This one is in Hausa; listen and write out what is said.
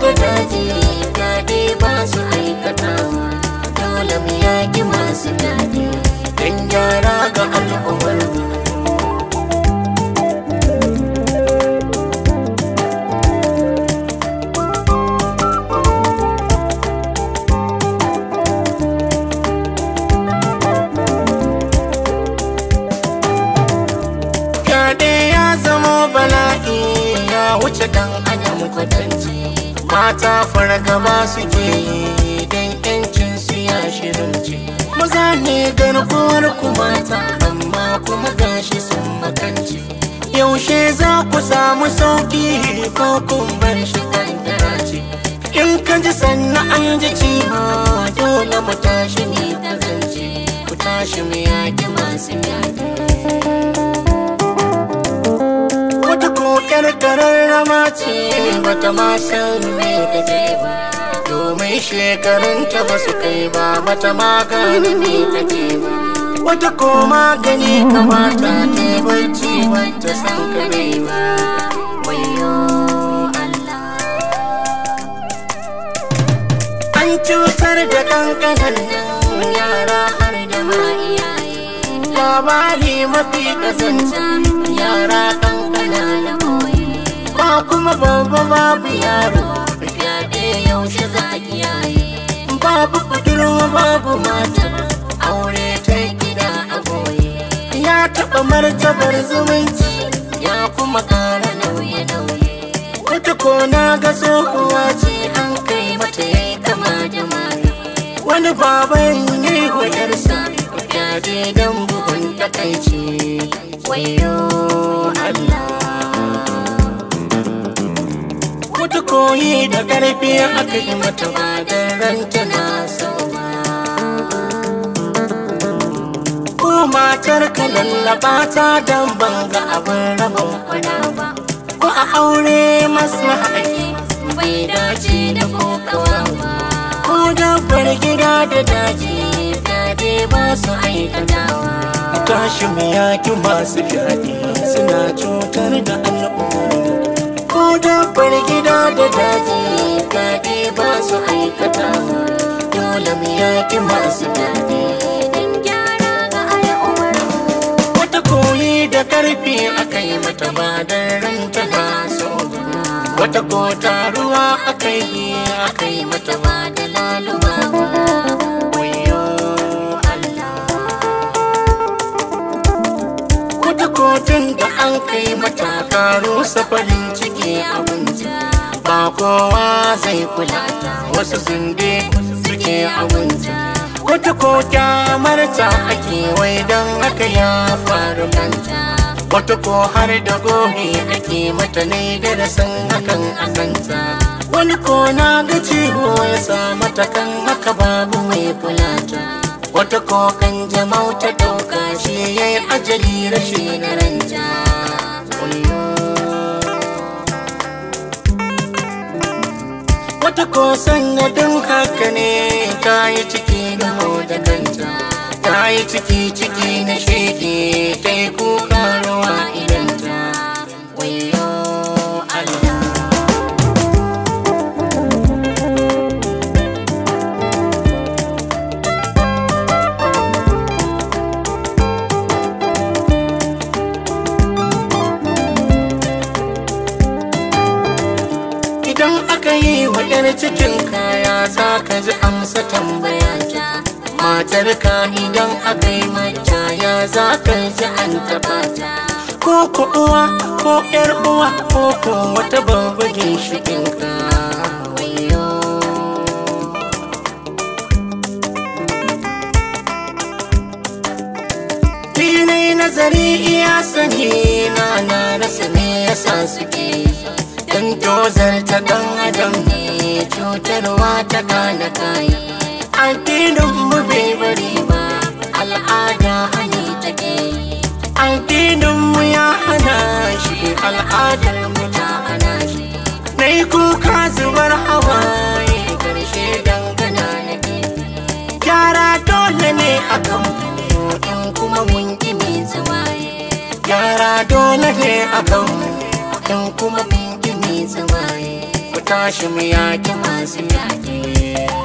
guda daɗi ba su aikatawa dole mu yaƙi masu daɗi don gyara ga al'ummarmu wuce dan adam kwatanci mata fargaba suke yi don yancin su ya shirince maza ne garkuwar ku mata amma kuma gashi sun makance yaushe za ku samu sauki ko kun bar shi kan ce in ka ji sannan an ji ciwo dole mu tashi ne ku tashi mu yaki masu yaki ce bata ma san me kake ba domin ta ba su kai ba bata ma gane me kake ba wata ko magani kamata ta yi barci wata san kare ba wayo an cutar da kankanan nan yara har da ma iyaye labari mafi kasance yara kankana na koyi ba kuma baba babu yaro yau shi za a kiyaye babu budurwa babu mata aure ta gida a goye ya taɓa martabar zumunci ya kuma ƙara nauye-nauye wata kona ga tsohuwa ce an kai mata ya kama da wani baban ne wa yarsa fyaɗe don bugun takaici wayo koyi da karfi aka yi mata ba da ranta na ko matar ka lallaba ta dan banga abin rabon kwana ba ko a aure masu ma'aiki bai dace da kokawa ba ko dabbar gida da daji daji ba su aikatawa tashi mu yaki masu fyaɗe suna cutar da al'umma ko dabbar gida da daji daɗi ba su aikata dole mu yaƙi masu daɗi don gyara ga al'ummar wata koyi da karfe aka yi mata ba don ranta na so wata ko ruwa aka yi aka yi mata ba da laluma Allah wata kotun da an kai mata karo safarin ciki abinci kowa zai kula wasu sun suke suke abunci wata ko kyamarta ake wai don haka ya faru kanta wata ko har da gobe ake mata ne da rasan hakan kanta wani ko na ga ciwo ya sa mata kan haka babu mai ta wata ko kan jama'u ta dauka shi yayi ajali rashin ranta ta kosan na don haka ne ta yi ciki na da kanta ta yi ciki ciki na sheke ta yi kuka rawa ina ni cikin kaya za ka ji amsa tambaya ta matar ka idan aka yi mata ya za ka ji an taba ta ko ko uwa ko yar uwa ko ko wata babban ginshikin ka nazari iya sani na na rasa me yasa suke dan tozar ta dan adam ne cutarwa ta kana kaya addinin mu bai bari ba al'ada hana take addinin mu ya hana shi al'adar mu ta hana shi nai kuka zubar ye karshe dangana ke. gyara dole ne a kanmu, in kuma mun gini zawaye gyara dole ne a kanmu, in kuma mun gini zawaye tashi mu yaki masu yaki.